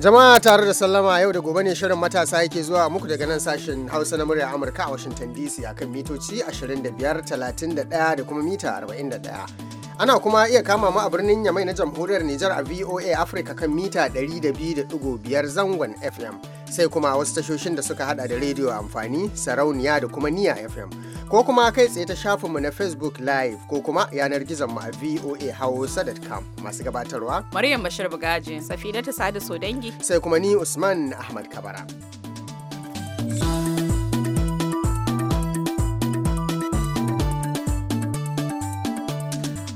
Jama'a tare da sallama yau da gobe ne shirin matasa yake zuwa muku daga nan sashen Hausa na murya Amurka a Washington DC akan mitoci 25, 31 da kuma mita 41. Ana kuma iya kama mu a birnin Yamai na Jamhuriyar Nijar a VOA Africa kan mita 102.5 zangon FM. sai kuma wasu tashoshin da suka hada da rediyo amfani sarauniya da kuma niya fm ko kuma kai tsaye ta shafinmu na facebook live ko kuma yanar gizon mu a voa hausa.com masu gabatarwa maryam bashir bugaji da ta sada so dangi sai kuma ni usman ahmad kabara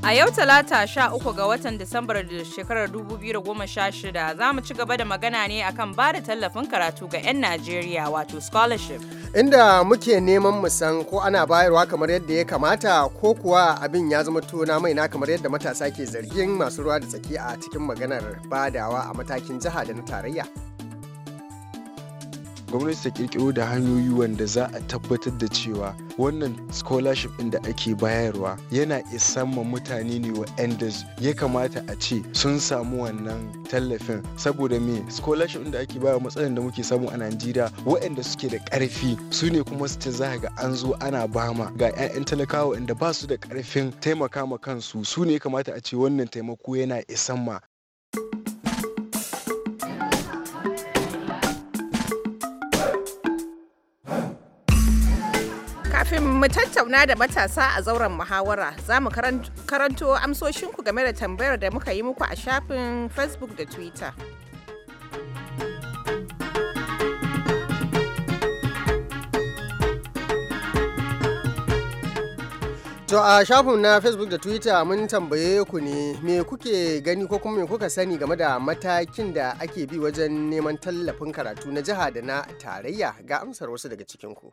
A yau talata sha uku ga watan Disambar da shekarar 2016 za mu ci gaba da magana ne akan ba da tallafin karatu ga 'yan Najeriya wato scholarship. Inda muke neman mu san ko ana bayarwa kamar yadda ya kamata ko kuwa abin ya zama tona mai na kamar yadda matasa ke zargin masu ruwa da tsaki a cikin maganar badawa a matakin jiha da na tarayya. gwamnati ta kirkiro da hanyoyi wanda za a tabbatar da cewa wannan scholarship ɗin da ake bayarwa yana isan ma mutane ne wa enders ya kamata a ce sun samu wannan tallafin saboda me scholarship ɗin da ake bayarwa matsalar da muke samu a najeriya waɗanda suke da karfi su ne kuma su ce za ga an zo ana bama ga 'ya'yan talakawa inda ba su da karfin taimaka ma kansu su ne kamata a ce wannan taimako yana isan ma Kafin mu tattauna da matasa a zauren muhawara, za mu karanto amsoshinku game da tambayar da muka yi muku a shafin Facebook da Twitter. To a shafin na Facebook da Twitter mun tambaye ku ne me kuke gani ko kuma me kuka sani game da matakin da ake bi wajen neman tallafin karatu na jiha da na tarayya ga amsar wasu daga cikinku.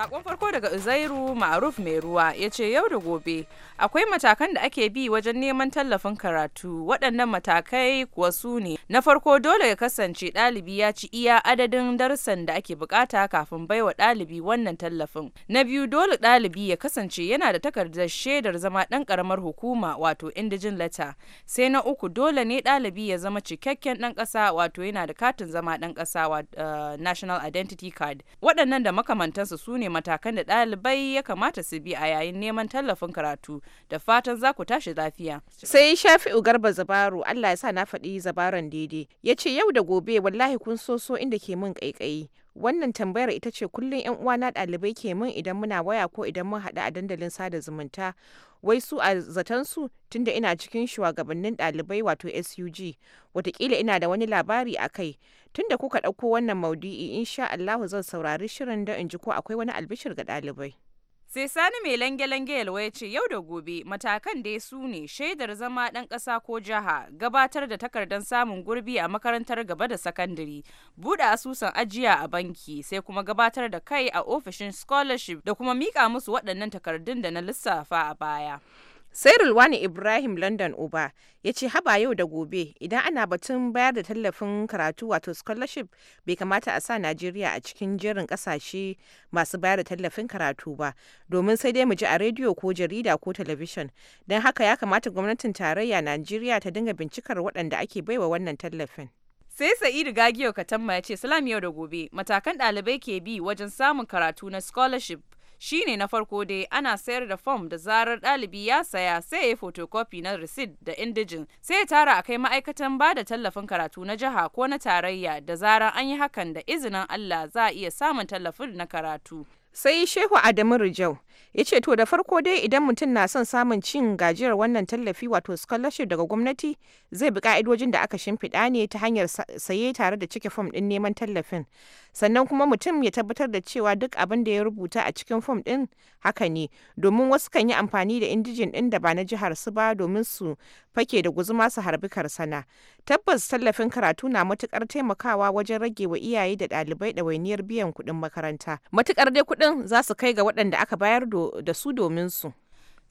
Sakon farko daga Uzairu Ma'aruf mai ruwa ya ce yau da gobe akwai matakan da ake bi wajen neman tallafin karatu waɗannan matakai kuwa su ne na farko dole ya kasance ɗalibi ya ci iya adadin darsan da ake bukata kafin baiwa ɗalibi wannan tallafin na biyu dole ɗalibi ya kasance yana da takardar shaidar zama ɗan ƙaramar hukuma wato indijin lata sai na uku dole ne ɗalibi ya zama cikakken ɗan ƙasa wato yana da katin zama ɗan ƙasa eh, national identity card waɗannan da makamantansu su ne matakan da ɗalibai ya kamata su bi a yayin neman tallafin karatu da fatan za ku tashi lafiya. Sai Shafi'u Garba Zabaru Allah ya sa na faɗi zabaran daidai ya ce yau da gobe wallahi kun so so inda ke min ƙaiƙayi Wannan tambayar ita ce kullum 'yan uwana ɗalibai ke min idan muna waya ko idan mun haɗu a dandalin sada zumunta. Wai su a zaton su? tunda ina cikin shugabannin ɗalibai wato SUG, watakila ina da wani labari a kai. Tunda kuka ɗauko wannan maudu'i insha Allahu zan saurari shirin da in ji ko akwai wani albishir ga ɗalibai. sai sani mai lange-lange yalwa ya ce yau da gobe matakan dai su ne shaidar zama dan kasa ko jiha gabatar da takardar samun gurbi a makarantar gaba da sakandare buɗe asusun ajiya a banki sai kuma gabatar da kai a ofishin scholarship da kuma mika musu waɗannan takardun da na lissafa a baya. Sai Rulwani Ibrahim London Uba ya ce haba yau da gobe idan ana batun bayar da tallafin karatu wato scholarship bai kamata a sa Najeriya a cikin jerin kasashe masu bayar da tallafin karatu ba domin sai dai mu ji a rediyo ko jarida ko talabishin don haka ya kamata gwamnatin tarayya Najeriya ta dinga bincikar waɗanda ake baiwa wannan tallafin. sai sa'idu gagiyo katamma ya ce salam yau da gobe matakan ɗalibai ke bi wajen samun karatu na scholarship shine na farko dai ana sayar da fom da zarar ɗalibi ya saya sai ya yi fotokofi na risit da indijin sai ya tara a kai ma'aikatan ba da tallafin karatu na jiha ko na tarayya da zarar an yi hakan da izinin Allah za a iya samun tallafin na karatu. Sai Shehu Adamu Rijau ya ce to da farko dai idan mutum na son samun cin gajiyar wannan tallafi wato scholarship daga gwamnati zai bi ka'idojin da aka shimfiɗa ne ta hanyar saye tare da cike fom ɗin neman tallafin sannan kuma mutum ya tabbatar da cewa duk abin da ya rubuta a cikin fom ɗin haka ne domin wasu kan yi amfani da indijin ɗin da ba na jihar su ba domin su fake da guzuma su harbi karsana tabbas tallafin karatu na matukar taimakawa wajen rage wa iyaye da ɗalibai ɗawainiyar biyan kuɗin makaranta matukar dai kuɗin za su kai ga waɗanda aka bayar da su domin su.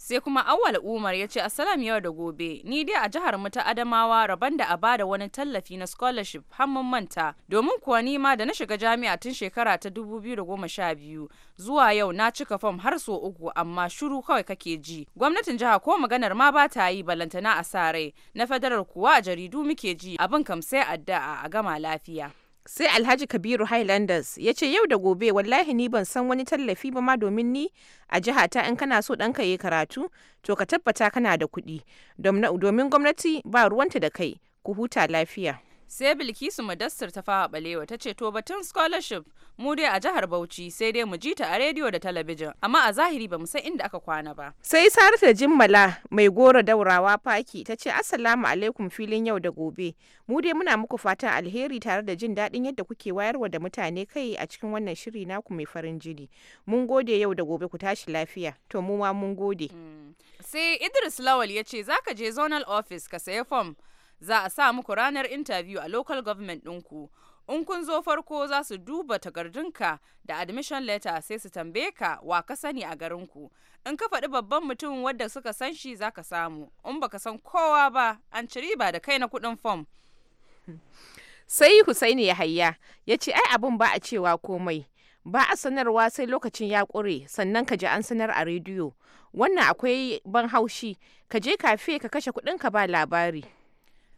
sai kuma awal umar ya ce asalam yau da gobe ni dai a jihar mu ta adamawa rabon da a bada wani tallafi na scholarship hannun manta domin kuwa ni ma da na shiga jami'a tun shekara ta 2012 zuwa yau na cika fam har so uku amma shuru kawai kake ji gwamnatin jiha ko maganar ma ba ta yi balantana a sa rai na fadarar kuwa a jaridu muke ji abin kam sai addu'a a gama lafiya sai alhaji kabiru highlanders ya ce yau da gobe wallahi ni ban san wani tallafi ba ma domin ni a jihata in kana so ɗanka ya karatu to ka tabbata kana da kuɗi domin gwamnati ba ruwanta da kai ku huta lafiya sai bilkisu madassar ta fawa balewa ta ce to batun scholarship mu dai a jihar bauchi sai dai mu ji ta a rediyo da talabijin amma a zahiri ba mu san inda aka kwana ba sai sarata jimmala mai goro daurawa faki ta ce assalamu alaikum filin yau da gobe mu dai muna muku fatan alheri tare da jin daɗin yadda kuke wayarwa da mutane kai a cikin wannan shiri naku mai farin jini mun gode yau da gobe ku tashi lafiya to mu ma mun gode mm. sai idris lawal ya ce zaka je zonal office ka saya fom za a sa muku ranar interview a local government ɗinku. In kun zo farko za su duba takardunka da admission letter sai su tambaye ka wa ka sani a garinku. In ka faɗi babban mutum wadda suka san shi za ka samu. In baka san kowa ba, an ciri ba da kai na kuɗin fom. Sai Husaini ya hayya ya ce ai abin ba a cewa komai. Ba a sanarwa sai lokacin ya ƙure sannan ka ji an sanar a rediyo. Wannan akwai ban haushi, ka je kafe ka kashe kuɗinka ba labari.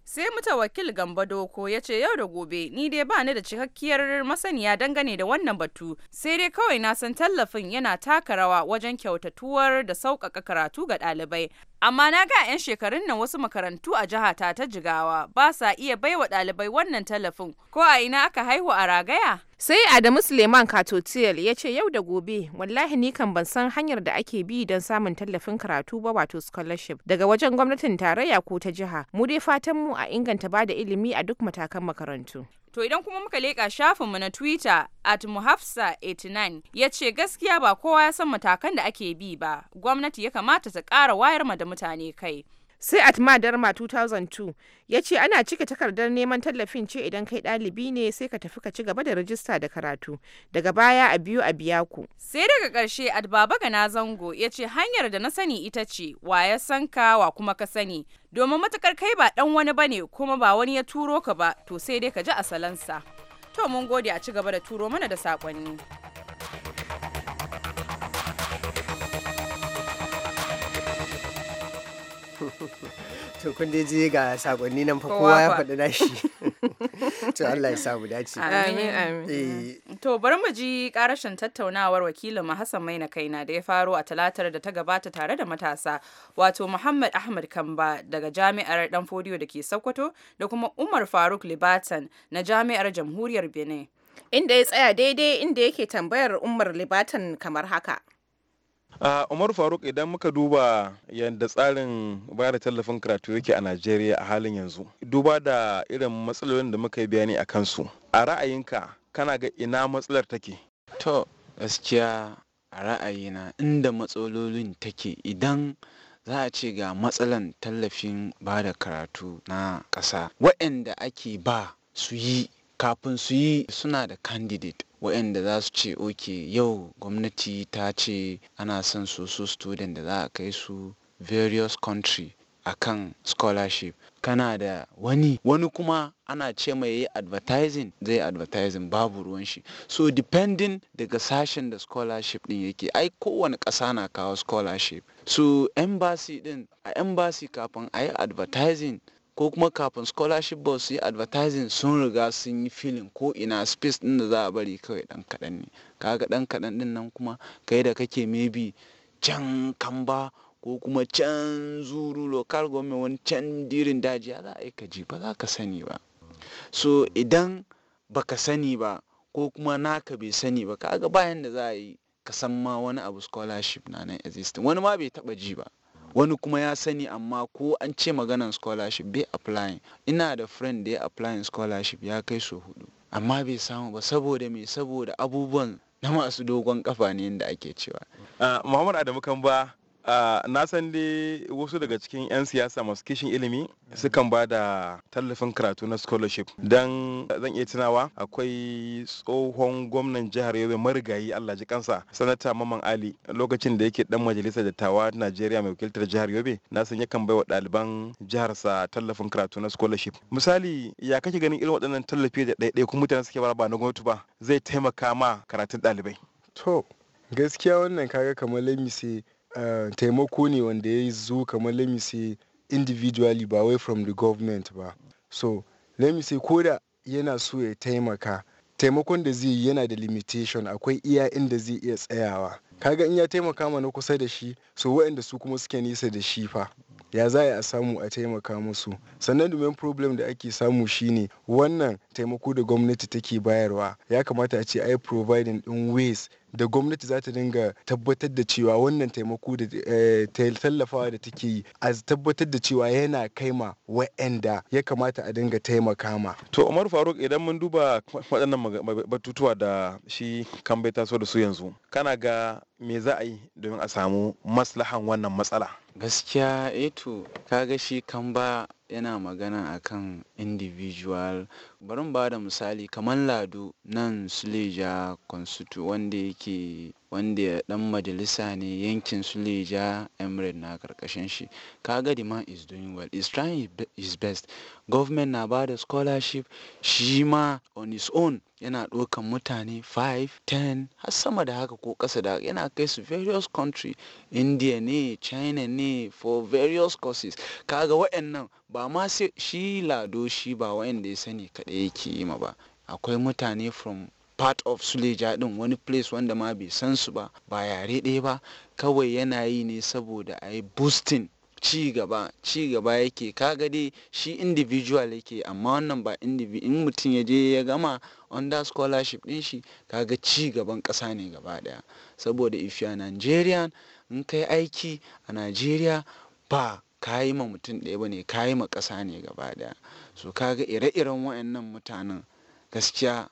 sai wakil gamba doko ya ce yau da gobe ni dai ba ni da cikakkiyar masaniya dangane da wannan batu sai dai kawai na san tallafin yana taka rawa wajen kyautatuwar da sauƙaƙa karatu ga ɗalibai Amma na ga 'yan shekarun nan wasu makarantu a jihata ta Jigawa ba sa iya baiwa ɗalibai wannan tallafin ko a ina aka haihu a ragaya. Sai Adamu Suleiman Katotiyal ya ce yau da gobe wallahi ni kan ban san hanyar da ake bi don samun tallafin karatu ba wato scholarship daga wajen gwamnatin tarayya ko ta jiha. Mu dai fatan mu a inganta bada ilimi a duk matakan makarantu. To idan kuma muka leƙa shafinmu na Twitter at muhafsa89 ya ce gaskiya ba kowa ya san matakan da ake bi ba, gwamnati ya kamata ta ƙara wayar ma da mutane kai. sai ma darma 2002 ya ce ana cika takardar neman tallafin ce idan kai ɗalibi ne sai ka tafi ka ci gaba da rajista da karatu daga baya a biyu a biya ku sai daga ƙarshe adbaba gana zango ya ce hanyar da na sani ita ce wa ya san ka wa kuma ka sani domin matukar kai ba ɗan wani bane kuma ba wani ya turo ka ba to sai dai ka ji asalansa to mun gode a ci gaba da turo mana da saƙonni. to kun dai je ga sakonni nan fa kowa ya faɗi shi to Allah ya sa mu dace eh. to bari mu ji karashin tattaunawar wakilin mu Hassan Maina na da ya faro a talatar da ta gabata tare da matasa wato Muhammad Ahmad Kamba daga Jami'ar Danfodiyo da ke Sokoto da kuma Umar Faruk Libatan na Jami'ar Jamhuriyar Benin inda ya tsaya daidai inda yake tambayar Umar Libatan kamar haka Umar Faruk idan muka duba yadda tsarin bayar da tallafin karatu yake a Najeriya a halin yanzu, duba da irin matsalolin da muka yi bayani a kansu. A ra'ayinka kana ga ina matsalar take? To, gaskiya a ra'ayina inda matsalolin take idan za a ce ga matsalan tallafin ba da karatu na ƙasa waɗanda ake ba su yi kafin su yi suna da candidate waɗanda za su ce ok yau gwamnati ta ce ana son su student da za a kai su various country akan scholarship kana da wani wani kuma ana ce mai yi advertising zai advertising babu ruwan shi so depending daga sashen da scholarship din yake ai kowane ƙasa na kawo scholarship so embassy din a embassy kafin a yi advertising ko kuma kafin scholarship board su yi advertising sun riga sun yi filin ko ina space din da za a bari kawai dan kaɗan ne kaga dan kaɗan din nan kuma kai da kake maybe can kamba ko kuma can zuru local government wani can dirin daji ya za a yi kaji ba za ka sani ba so idan baka sani ba ko kuma naka bai sani ba kaga bayan da za a yi ka san ma wani abu scholarship na nan existing wani ma bai taba ji ba wani kuma ya sani amma ko an ce maganan scholarship bai applying ina da friend da ya applying scholarship ya kai so hudu amma bai samu ba saboda me saboda abubuwan na masu dogon kafa ne da ake cewa. Ah, Muhammad Adamu ba na san dai wasu daga cikin 'yan siyasa masu kishin ilimi sukan ba da tallafin karatu na scholarship don zan iya tunawa akwai tsohon gwamnan jihar yobe marigayi allah ji kansa sanata maman ali lokacin da yake dan majalisar dattawa najeriya mai wakiltar jihar yobe na san yakan bai wa ɗaliban jiharsa tallafin karatu na scholarship misali ya kake ganin irin waɗannan tallafi da ɗaiɗai kuma mutane suke bara ba na gwamnati ba zai taimaka ma karatun ɗalibai to gaskiya wannan kaga kamar lamisi Eh, taimako ne wanda ya zo kamar let me say individually ba wai from the government ba so let say ko da yana so ya taimaka taimakon da zai yi yana da limitation akwai iya inda zai iya tsayawa kaga in ya taimaka mana kusa da shi so waɗanda su kuma suke nisa da shi fa ya za a samu a taimaka musu sannan domin problem da ake samu shine wannan taimako da gwamnati take bayarwa ya kamata a ce ai providing din ways da gwamnati za ta dinga tabbatar da cewa wannan taimako da eh, tallafawa da take yi a tabbatar da cewa yana kaima wa'anda ya kamata a dinga taimaka ma. To Umar Faruk idan mun duba waɗannan batutuwa da shi kan bai taso da su yanzu kana ga me za a yi domin a samu maslahan wannan matsala. Gaskiya eto eh kaga shi kan ba yana magana akan individual barin ba da misali kamar lado nan suleja constitu wanda yake wanda ya dan majalisa ne yankin suleja emirate na karkashin shi kaga the man is doing well is trying his best government na ba da scholarship shi ma on his own yana ɗaukan mutane 5 10 har sama da haka ko ƙasa da haka yana kai su various country india ne china ne for various courses kaga wa'annan ba ma sai shi lado shi ba da ya sani kaɗai yake yi ma ba akwai mutane from part of suleja ɗin wani place wanda ma bai san su ba ba yare ɗaya ba kawai yana yi ne saboda a yi boosting ci gaba ci gaba yake kaga dai shi individual yake amma wannan ba individual in mutum ya je ya gama under scholarship din shi kaga ci gaban ƙasa ne gaba daya saboda if you are Nigerian in kai aiki a Nigeria ba kayi ma mutum ɗaya bane kayi ma ƙasa ne gaba daya so kaga ire-iren wayannan mutanen gaskiya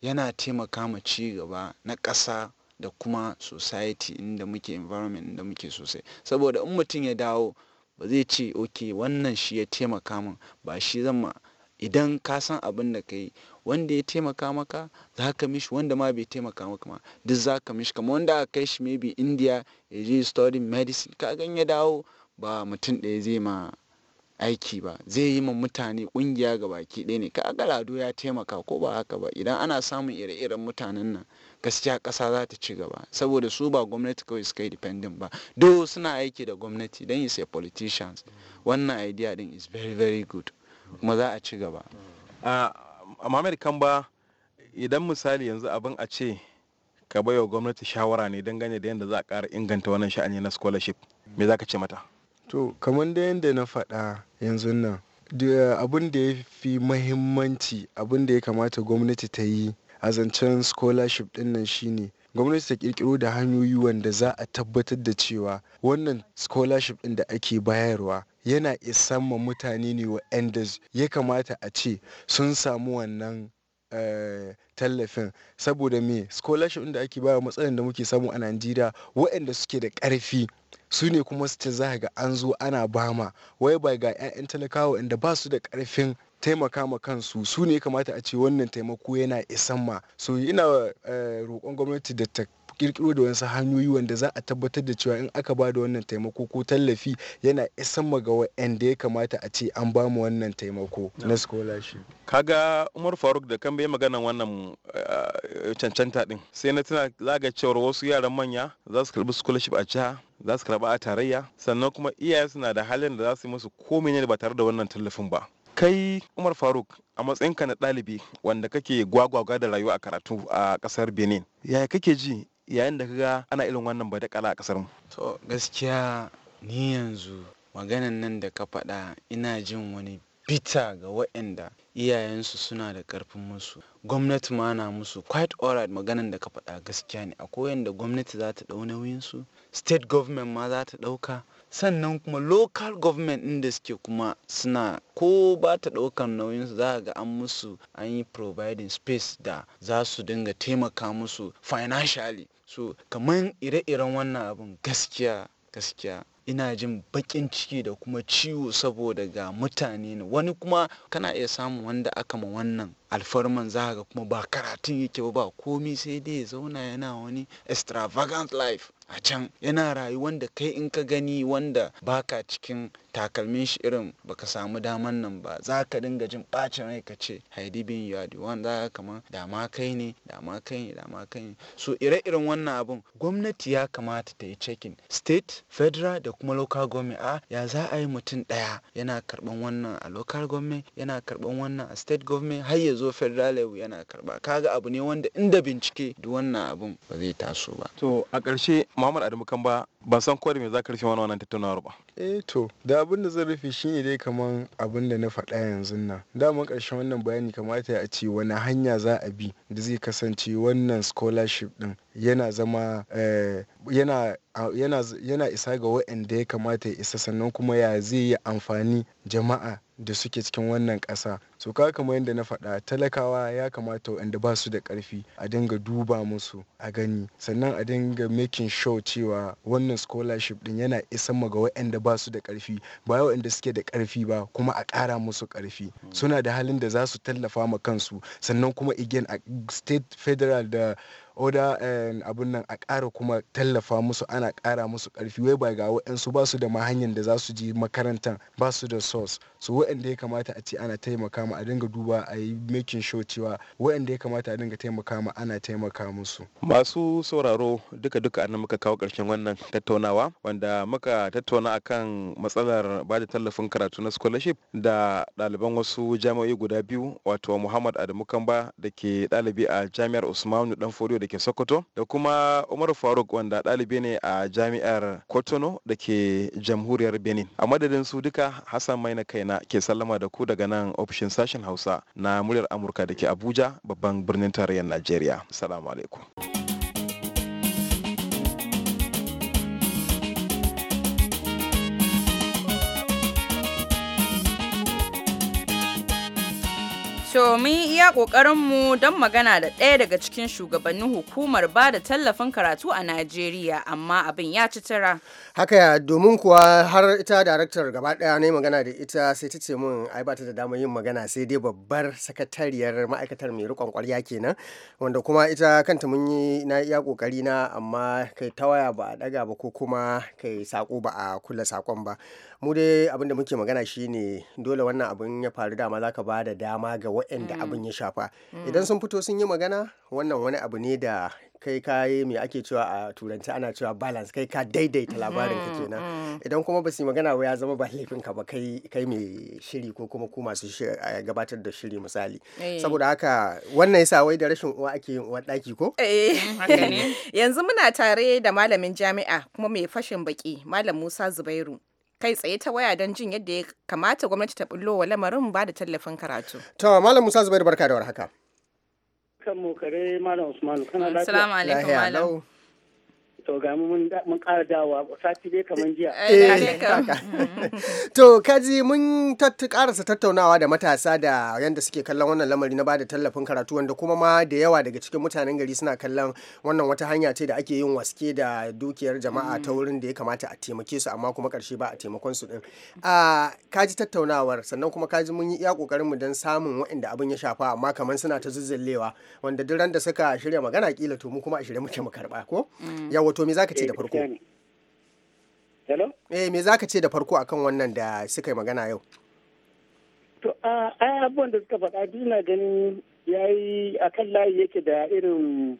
yana taimaka ma ci gaba na ƙasa da kuma society inda muke environment inda muke sosai saboda in mutum ya dawo ba zai ce ok wannan shi ya taimaka min ba shi zama idan ka san abin da ka yi wanda ya taimaka maka za ka mishi wanda ma bai taimaka maka ma duk za ka mishi kamar wanda aka kai shi maybe india ya je study medicine ka gan ya dawo ba mutum ɗaya zai ma aiki ba zai yi ma mutane ƙungiya ga baki ɗaya ne ka ga lado ya taimaka ko ba haka ba idan ana samun ire-iren mutanen nan gaskiya kasa za ta ci gaba saboda su ba gwamnati kawai suka yi dependent ba do suna aiki da gwamnati don yi a politicians wannan idea din is very very good kuma za a ci gaba A ah, kan Kamba idan misali yanzu abin a ce ka baiwa gwamnati shawara ne don gane da yadda za a ƙara inganta wannan sha'ani na scholarship me za ka ce mata to kamar da yadda na faɗa yanzu nan eh, abin da ya fi mahimmanci abin da ya kamata gwamnati ta yi a zancen scholarship nan shine gwamnati ta kirkiro da hanyoyi wanda za a tabbatar da cewa wannan scholarship din da ake bayarwa yana isan ma mutane ne wa enders ya kamata a ce sun samu wannan eh, tallafin saboda me scholarship da ake bayarwa matsalar da muke samu a najeriya waɗanda suke da ƙarfi su ne kuma su ce za ga an zo ana bama wai ba ga 'ya'yan talakawa inda ba su da ƙarfin taimaka ma kansu su ne kamata a ce wannan taimako yana isan ma so ina eh, roƙon gwamnati da ta kirkiro da wasu hanyoyi wanda za a tabbatar da cewa in aka ba da wannan taimako ko tallafi yana isan ma ga wa'anda ya kamata a ce an ba mu wannan taimako na scholarship kaga umar faruk da kan bai magana wannan eh, cancanta din sai na tana zaga cewar wasu yaran manya za su karbi scholarship a jiha za su karba a tarayya sannan kuma iyaye suna da halin da za su yi musu komai ne ba tare da wannan tallafin ba kai umar faruk a matsayinka na ɗalibi wanda kake gwagwagwa da rayuwa a karatu a ƙasar benin yaya kake ji yayin da kaga ana irin wannan badakala a ƙasar mu to gaskiya ni yanzu maganan nan da ka faɗa ina jin wani bita ga waɗanda iyayensu suna da ƙarfin musu gwamnati ma na musu quite alright maganan da ka faɗa gaskiya ne akwai da gwamnati za ta ɗau nauyinsu state government ma za ta ɗauka sannan kuma local government ɗin da suke kuma suna ko ba ta ɗaukar nauyin su za ga an musu an yi providing space da za su dinga taimaka musu financially so kamar ire-iren wannan abin gaskiya gaskiya ina jin baƙin ciki da kuma ciwo saboda ga mutane ne wani kuma kana iya samun wanda aka ma wannan alfarman za ga kuma ba karatun yake ba ba komi sai dai ya zauna yana wani extravagant life a can yana rayuwan da kai in ka gani wanda baka cikin takalmin shi irin baka samu daman nan ba za ka dinga jin bacin rai ka ce haidi bin yadi wanda za kama dama kai ne dama kai ne dama kai ne so ire-iren wannan abun gwamnati ya kamata ta yi cekin state federal da kuma local government a ya za a yi mutum daya yana karban wannan a local government yana karban wannan a state government har ya zo federal level yana karba kaga abu ne wanda inda bincike duk wannan abun ba zai taso ba to a ƙarshe muhammad adamu kamba ban san ko mai me za ka rufe wani wannan tattaunawar ba eh to da abin da zan rufe shine dai kamar abin da na faɗa yanzu nan daman ƙarshen wannan bayani kamata a ce wani hanya za a bi da zai kasance wannan scholarship din yana zama eh, yana yana isa ga waɗanda ya kamata ya isa sannan kuma ya zai yi amfani jama'a da suke cikin wannan ƙasa so ka kamar yadda na faɗa talakawa ya kamata waɗanda ba su da ƙarfi a dinga duba musu a gani sannan a dinga making show cewa wannan wannan scholarship din yana isan mu ga waɗanda ba su da ƙarfi ba waɗanda suke da ƙarfi ba kuma a ƙara musu ƙarfi hmm. suna da halin da za su tallafa ma kansu sannan kuma again a state federal da oda eh, abun nan a kara kuma tallafa musu ana kara musu karfi wai ba ga waɗansu ba su da ma hanyar da za su je makarantar ba su da source su waɗanda ya kamata a ce ana taimaka ma a dinga duba a yi making sure cewa ya kamata a dinga taimaka ma ana taimaka musu. masu sauraro duka duka annan muka kawo ƙarshen wannan tattaunawa wanda muka tattauna akan matsalar ba da tallafin karatu na scholarship da ɗaliban wasu jami'o'i guda biyu wato muhammad adamu kamba da ke ɗalibi a jami'ar usmanu danfodiyo da ke sokoto da kuma umar faruk wanda ɗalibi ne a jami'ar kotono da ke jamhuriyar benin a madadin su duka hassan maina kaina ke sallama da ku daga nan ofishin sashen hausa na muryar amurka da ke abuja babban birnin tarayyar najeriya salamu alaikum To mun yi iya mu don magana da ɗaya daga cikin shugabannin hukumar ba da tallafin karatu a Najeriya amma abin ya ci tura. Haka ya domin kuwa har ita daraktar gaba ɗaya na yi magana da ita sai ta ce mun ai ba ta da damar yin magana sai dai babbar sakatariyar ma'aikatar mai riƙon ƙwarya kenan wanda kuma ita kanta mun yi na iya ƙoƙari na amma kai ta waya ba a ɗaga ba ko kuma kai saƙo ba a kula saƙon ba. mu dai abin da muke magana shine dole wannan abin ya faru dama za ka ba da dama ga waɗanda mm. abin ya shafa mm. idan sun fito sun yi magana wannan wani abu ne da kai ka yi mai ake cewa a turanci ana cewa balance kai ka daidaita mm, labarin ka kenan idan kuma ba su magana ba ya zama ba laifinka ka ba kai kai mai shiri ko kuma ku masu gabatar da shiri misali eh. saboda haka wannan yasa wai da rashin uwa ake yin uwar daki ko eh. yanzu muna tare da malamin jami'a kuma mai fashin baki malam Musa Zubairu kai tsaye ta waya don jin yadda ya kamata gwamnati ta bullo wa lamarin ba da tallafin karatu. To Malam Musa Zubairu barka da warhaka. Kan mu kare Malam Usman kana lafiya. Assalamu alaikum Malam. to ga mun ƙara dawa sati dai kamar jiya. Eh, eh, to kaji mun karasa tattaunawa da matasa da yadda suke kallon wannan lamari na bada tallafin karatu wanda kuma ma da yawa daga cikin mutanen gari suna kallon wannan wata hanya ce da ake yin waske da dukiyar jama'a ta mm. wurin da ya kamata a taimake su amma kuma karshe ba a taimakon su din. Mm. Kaji tattaunawar sannan kuma kaji mun yi iya kokarin mu don samun waɗanda abin ya shafa amma kamar suna ta zuzzullewa wanda duk da suka shirya magana kila to mu kuma a shirye muke mu karba ko. Mm. Yawa to me zaka eh, eh, ce da farko hello eh me zaka ce da farko akan wannan da suka yi magana yau to a abubuwan da suka faɗa duk na ganin yayi akan layi yake da irin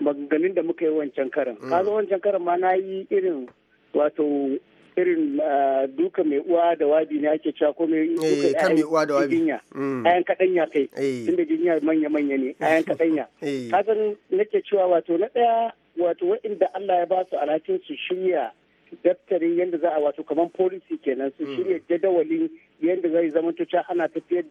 maganganun da muka yi wancan karan mm. zo wancan karan ma na yi irin wato irin duka mai uwa da wabi ne ake cewa ko mai eh, duka mai uwa da wabi jinya mm. ayan kadanya kai tunda jinya manya manya ne ayan kadanya kasan nake cewa wato na daya wato waɗanda Allah ya ba su alhakin su shirya daftarin yadda za a wato kamar policy kenan su hmm. shirya jadawalin yadda zai zama cewa ana tafiyar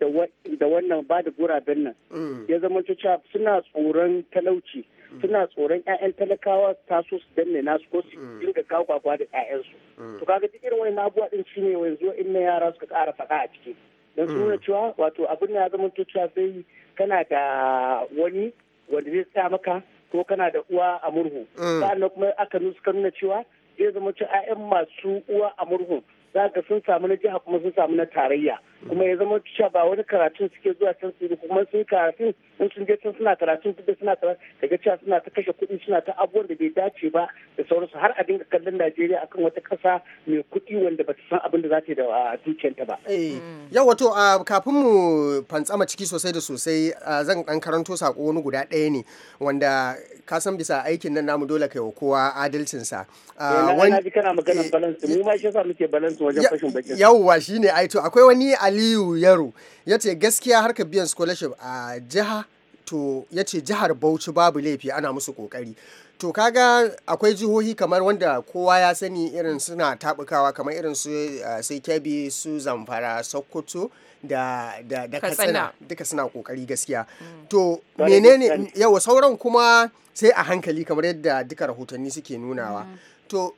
da wannan ba da guraben nan hmm. ya zama cewa suna tsoron talauci hmm. suna tsoron 'ya'yan talakawa taso su danne nasu ko su dinga kawo kwakwa da 'ya'yansu to kaga duk irin wani abubuwa din shine yanzu in na yara suka ƙara faɗa a ciki don su nuna cewa wato abin ya zama cewa sai kana da wani wanda zai sa maka ko kana da uwa a murhu mm. sa'annan kuma aka nuna nuna cewa zai zama ci 'ya'yan masu uwa a murhu za ka sun samu na jiha kuma sun samu na tarayya kuma ya zama cewa ba wani karatun suke zuwa can su yi kuma sun karatun in sun je can suna karatun duk da suna karatun daga cewa suna ta kashe kuɗi suna ta abubuwan da bai dace ba da sauransu har a dinga kallon Najeriya akan wata ƙasa mai kuɗi wanda bata san abin da za ta da dukiyanta ba. Eh, yau wato kafin mu fantsama ciki sosai da sosai zan ɗan karanto sako wani guda ɗaya ne wanda ka san bisa aikin nan namu dole kai wa kowa adalcinsa. Eh, wani kana maganar eh, balance mu ma shi yasa muke balance wajen fashin bakin. Yawwa shine ai to akwai wani aliyu yaro ya ce gaskiya harkar biyan scholarship a jiha to ya ce jihar bauchi babu laifi ana musu kokari to kaga akwai jihohi kamar wanda kowa ya sani irin suna tabukawa kamar irin su eh, sai kebi su zamfara sokoto da da da katsina duka suna kokari gaskiya mm. to menene yawa sauran kuma sai a hankali kamar yadda duka rahotanni suke nunawa mm. to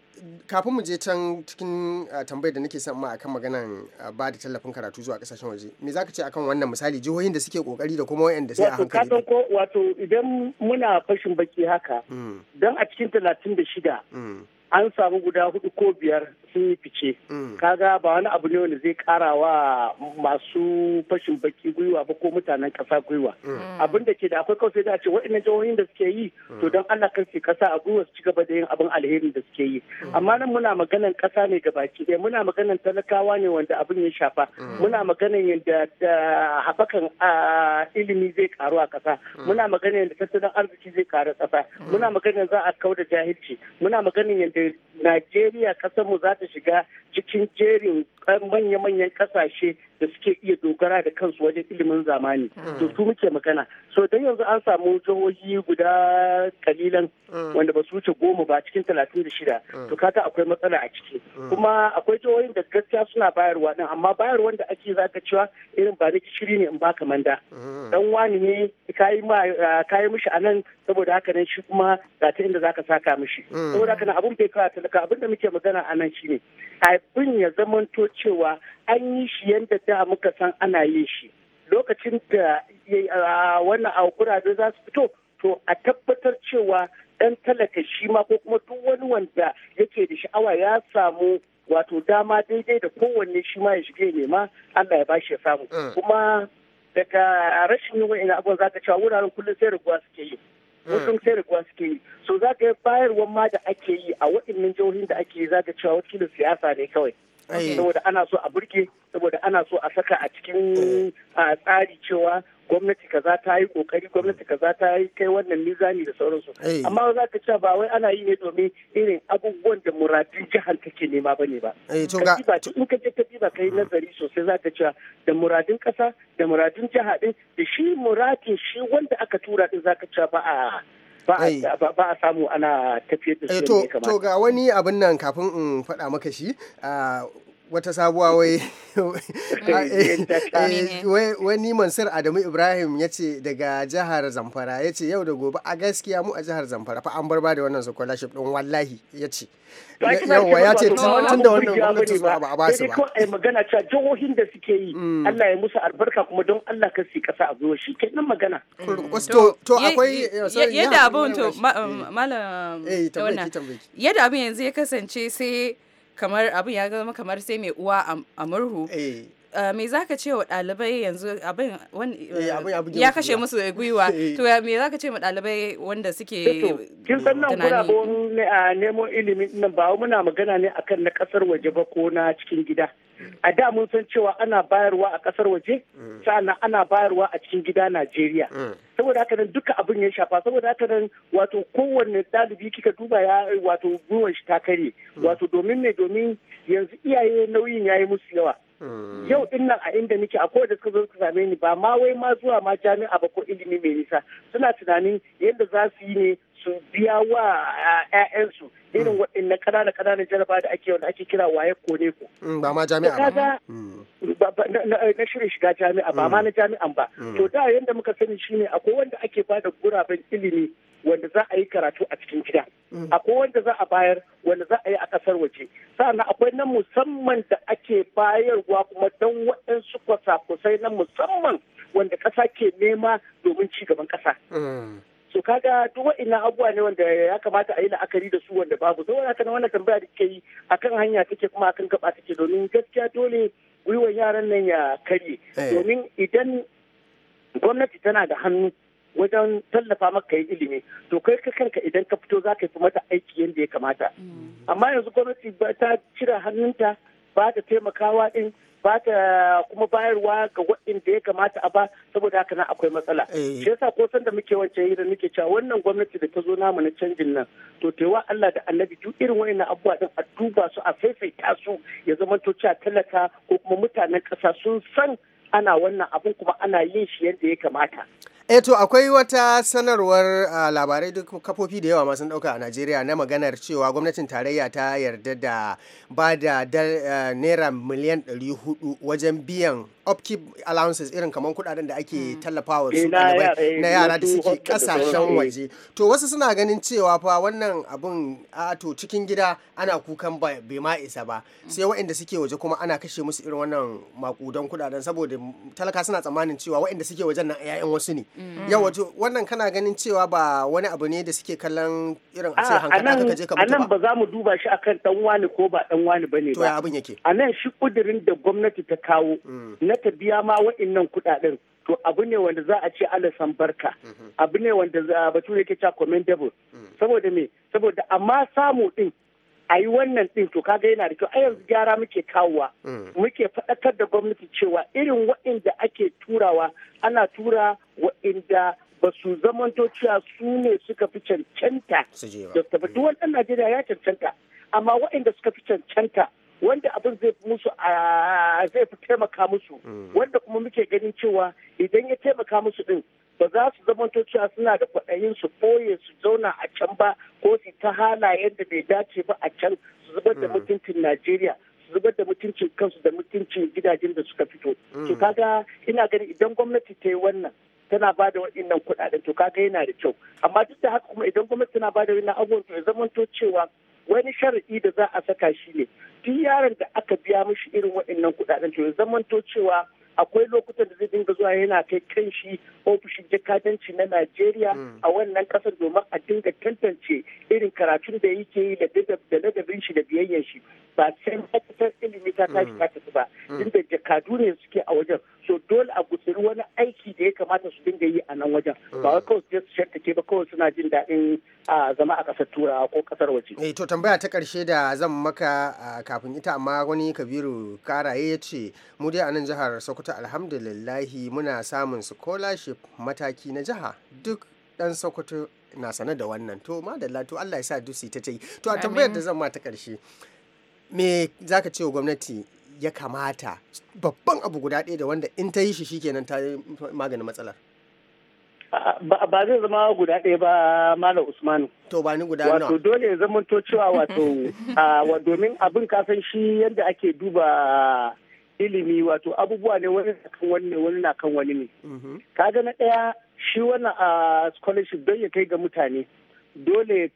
kafin mu je can cikin ah, tambayar da nake son ma akan maganan ah, ba da tallafin karatu zuwa kasashen waje me zaka ce akan wannan misali jihohin da suke kokari da kuma wayanda sai a hankali wato ko wato idan muna fashin baki haka mm. dan a cikin 36 an samu guda hudu ko biyar sun yi fice hmm. kaga ba wani abu ne wanda zai kara wa masu fashin baki gwiwa ba ko mutanen kasa gwiwa hmm. Hmm. abin da ke da akwai kawai da ce waɗannan jihohin da suke yi to don Allah kan su kasa a gwiwa su ci gaba da yin abin alherin da suke yi amma nan muna maganan kasa ne ga baki ɗaya muna maganan talakawa ne wanda abin ya shafa muna maganan yadda haɓakan ilimi zai karu a kasa muna maganan yadda tattalin arziki zai karu a muna maganan za a da jahilci muna maganan yadda made Najeriya mu za ta shiga cikin jerin manya-manyan kasashe da suke iya dogara da kansu wajen ilimin zamani. Hmm. To su muke magana. So dan yanzu an samu jihohi guda kalilan hmm. wanda ba su wuce goma ba cikin talatin da shida. Hmm. To kaka akwai matsala a ciki. Kuma akwai jihohin da gaskiya suna bayarwa din amma bayarwan da ake zaka cewa irin ba shiri ne in ka manda. Dan wani ne kayi mishi a nan saboda haka nan shi kuma ga ta inda zaka saka mishi. Saboda haka nan abun bai kawata saboda abin da muke magana a nan ne abin ya zamanto cewa an yi shi yadda da muka san ana yi shi lokacin da wannan a kurabe za su fito to a tabbatar cewa dan talaka shi ma ko kuma duk wani wanda yake da sha'awa ya samu wato dama daidai da kowanne shi ma ya shige nema Allah ya bashi ya samu eh. kuma daga rashin yin wa'in abubuwan zaka cewa wuraren kullum sai raguwa suke yi mutun sai da kuwa suke yi so za ka yi bayarwan ma da ake yi a waɗannan jihohin da ake yi za ka cewa wakilin siyasa ne kawai saboda ana so a burge saboda ana so a saka a cikin tsari cewa gwamnati kaza ta yi kokari gwamnati kaza ta yi kai wannan nizami da sauransu eh. amma za ka ce ba wai ana yi ne domin irin abubuwan da muradin jihar take nema ba ne ba eh, in ka je ka yi nazari sosai za ka ce da muradin kasa da muradin jiha din da shi muradin shi wanda aka tura din za ka ce ba a ba a samu ana tafiye da su eh, to ga wani abin nan kafin in faɗa maka shi ah, wata sabuwa wai eh, wani mansur adamu ibrahim ya ce daga jihar zamfara ya ce yau da gobe a gaskiya mu a jihar zamfara fa an bar da wannan scholarship din wallahi ya ce wa ya ce tun da wannan gwamnati ba a ba su ba sai magana jihohin da suke yi mm. Allah ya musu albarka kuma don Allah ka kasa a zo shi kenan magana mm. to akwai yadda abun to malam yadda abin yanzu ya kasance sai kamar abin ya zama kamar sai mai uwa a murhu eh. Eh, me za ka ce wa ɗalibai yanzu abin eh, ya kashe musu gwiwa eh. to me za ka ce wa ɗalibai wanda suke kin san nan kuna nemo ilimi nan ba muna magana ne akan na kasar waje ba ko na cikin gida a da mun san cewa ana bayarwa a kasar waje mm. sa'annan ana bayarwa a cikin gida Najeriya mm. saboda haka nan duka abin ya shafa saboda haka nan wato kowanne dalibi kika duba ya wato gwiwan shi ta kare mm. wato domin ne domin yanzu iyaye nauyin yayi musu yawa Mm. yau din a inda nake a kowace suka zo su same ni ba ma wai ma zuwa ma jami'a ba ko ilimi mai nisa suna tunanin yadda za su yi ne su biya wa 'ya'yansu irin waɗannan ƙanana ƙananan jaraba da ake wanda ake kira waye ko ne mm, ko. Ba ma jami'a ba. Mm. Na shirin shiga jami'a ba ma na jami'an ba. To da yadda muka sani shine akwai wanda ake bada guraben ilimi wanda za a yi karatu a cikin gida mm. akwai wanda za a bayar wanda za a yi a kasar waje sa-na akwai na musamman da ake bayarwa kuma don waɗansu kwasa-kwasai na musamman wanda ƙasa ke nema domin ci gaban ƙasa mm. so kaga duk wa'annan abubuwa ne wanda ya kamata a yi la'akari da su wanda babu wani akan wannan tambaya da kike yi akan hanya take kuma akan gaba take domin gaskiya dole gwiwar yaran nan ya karye eh. domin idan gwamnati tana da hannu wajen tallafa maka yi ilimi to kai ka kanka idan ka fito za ka yi mata aiki yadda ya kamata mm. amma yanzu gwamnati ta cire hannunta ba ta taimakawa din ba ta kuma bayarwa ga waɗanda ya kamata a ba saboda haka na akwai matsala eh. shi yasa ko san da muke wancan da muke cewa wannan gwamnati da ta zo namu na canjin nan to wa Allah da Annabi duk irin wayannan abubuwa din a duba su a faifaita su ya zama to cewa talaka ko kuma mutanen ƙasa sun san ana wannan abun kuma ana yin shi yadda ya kamata eto eh akwai wata sanarwar uh, labarai duk kafofi da yawa masu dauka a najeriya na maganar cewa gwamnatin tarayya ta yarda da ba da uh, naira miliyan 400 wajen biyan upkeep allowances irin kamar kudaden da ake hmm. tallafawa su eh, eh, na yara da suke kasashen waje eh. to wasu suna ganin cewa fa wannan abun a to cikin gida ana kukan bai ma isa ba sai waɗanda suke waje kuma ana kashe musu irin wannan makudan kudaden saboda talaka suna tsammanin cewa waɗanda suke wajen nan yayan wasu ne hmm. yawa wannan kana ganin cewa ba wani abu ne da suke kallon irin a ce hankali ka je ka mutu ba anan ba za mu duba shi akan dan wani ko ba dan wani bane ba to ya abun yake anan shi kudirin da gwamnati ta kawo hmm. na na ta biya ma wa'innan kuɗaɗen to abu ne wanda za a ce alasan barka mhm. abu ne wanda bature yake cewa commendable mhm. saboda me saboda amma samu din a yi wannan din to kaga yana da kyau a yanzu gyara muke kawowa mm. muke faɗakar da gwamnati cewa irin waɗanda ake turawa ana tura waɗanda ba su zamanto cewa su ne suka fi cancanta da tabbatu mm. ɗan Najeriya ya cancanta amma waɗanda suka fi cancanta wanda abin zai musu a zai fi taimaka musu mm. wanda kuma muke ganin cewa idan ya taimaka musu din ba za su zamanto cewa suna da kwaɗayin su koye su zauna a can ba ko su ta hala yadda bai dace ba a can su zubar da mm. mutuncin Najeriya su zubar da mutuncin kansu da mutuncin gidajen da suka fito. To mm. kaga ina ganin idan gwamnati ta yi wannan tana ba da waɗannan kuɗaɗen to kaga yana da kyau amma duk da haka kuma idan gwamnati tana ba da wannan abubuwan to ya zamanto cewa wani sharaɗi da za a saka shi ne duk yaron da aka biya mishi irin waɗannan kuɗaɗen to ya zamanto cewa akwai lokutan da zai dinga zuwa yana kai kan shi ofishin jakadanci na Najeriya mm. a wannan kasar domin a dinga tantance irin karatun da yake yi da ladabin shi da biyayyar shi ba sai ma'aikatar ilimi ta tashi mm. ba ta mm. ba inda jakadu ne suke a wajen so dole a gutsuri wani aiki da ya kamata su dinga yi a nan wajen ba wai kawai su shattake ba kawai suna jin daɗin a zama a kasar turawa ko kasar waje. eh to tambaya ta karshe da zan maka kafin ita amma wani kabiru karaye ya ce mu dai a nan jihar sokoto Sokoto alhamdulillahi muna samun scholarship mataki na jiha duk dan Sokoto na sane da wannan to madalla to Allah ya sa dusi ta ce to a tambayar da zan ma ta karshe me zaka ce wa gwamnati ya kamata babban abu guda ɗaya da wanda in ta yi shi shikenan ta maganin matsalar ba zai zama guda ɗaya ba malam usmanu to ba ni guda wato dole ya zama to cewa wato domin abin kafin shi yadda ake duba ilimi wato abubuwa ne wani na kan wani ne wani na kan wani ne mhm. kaga na ɗaya shi wannan a scholarship don ya kai ga mutane dole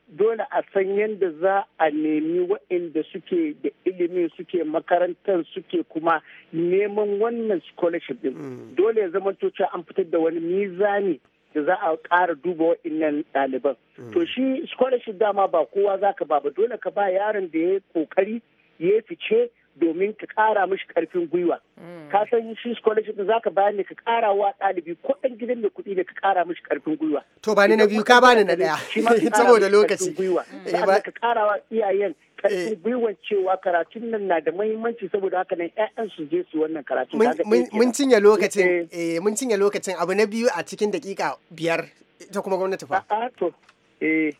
a san yadda za a nemi waɗanda suke da ilimi suke makarantar suke kuma neman wannan scholarship din mm. dole ya zama cewa an fitar da wani mizani da za a ƙara duba waɗannan ɗaliban mm. to shi scholarship dama ba kowa za ka ba ba dole ka ba yaron da ya yi ƙoƙari ya fice domin ka kara mishi karfin gwiwa mm. ka san shi scholarship za ka bayar ne ka kara wa ɗalibi ko ɗan gidan da kuɗi ne ka kara mishi karfin gwiwa to ba ni na biyu ka bani na ɗaya saboda lokaci eh, ka kara wa iyayen karfin eh. gwiwa cewa karatun nan na da mahimmanci saboda haka nan ƴaƴan su je su wannan karatu mun cinye lokacin eh, mun cinye lokacin abu na biyu a cikin dakika biyar ita kuma gwamnati fa eh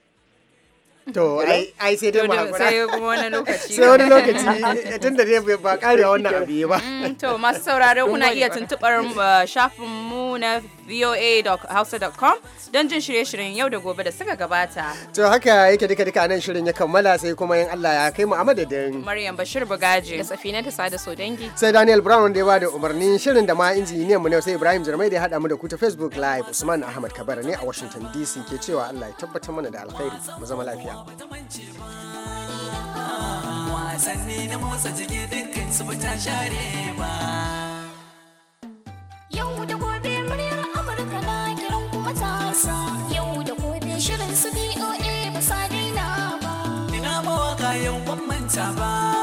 to ai sai dai ba sai kuma wani lokaci sai wani lokaci eh, tun da dai ba kare wannan abu ba mm, to masu sauraro kuna iya tuntubar uh, shafin mu na voa.hausa.com don jin shirye-shiryen yau da gobe da suka gabata to haka yake duka duka nan shirin ya kammala sai kuma yin Allah ya kai mu a madadin Maryam Bashir Bugaje da Safina ta Sada Sodangi sai Daniel Brown da ya bada umarnin shirin da ma injiniyan mu ne sai Ibrahim Jarmai da ya hada mu da ku ta Facebook Live Usman Ahmad Kabara ne a Washington DC ke cewa Allah ya tabbatar mana da alkhairi mu zama lafiya wasanni na motsa jiki dukkan su ba ta share ba yau da gobe muryar amurka na kiran kuma sa. yau da gobe shirin su boa ba sa daina ba ina mawaka yau ban manta ba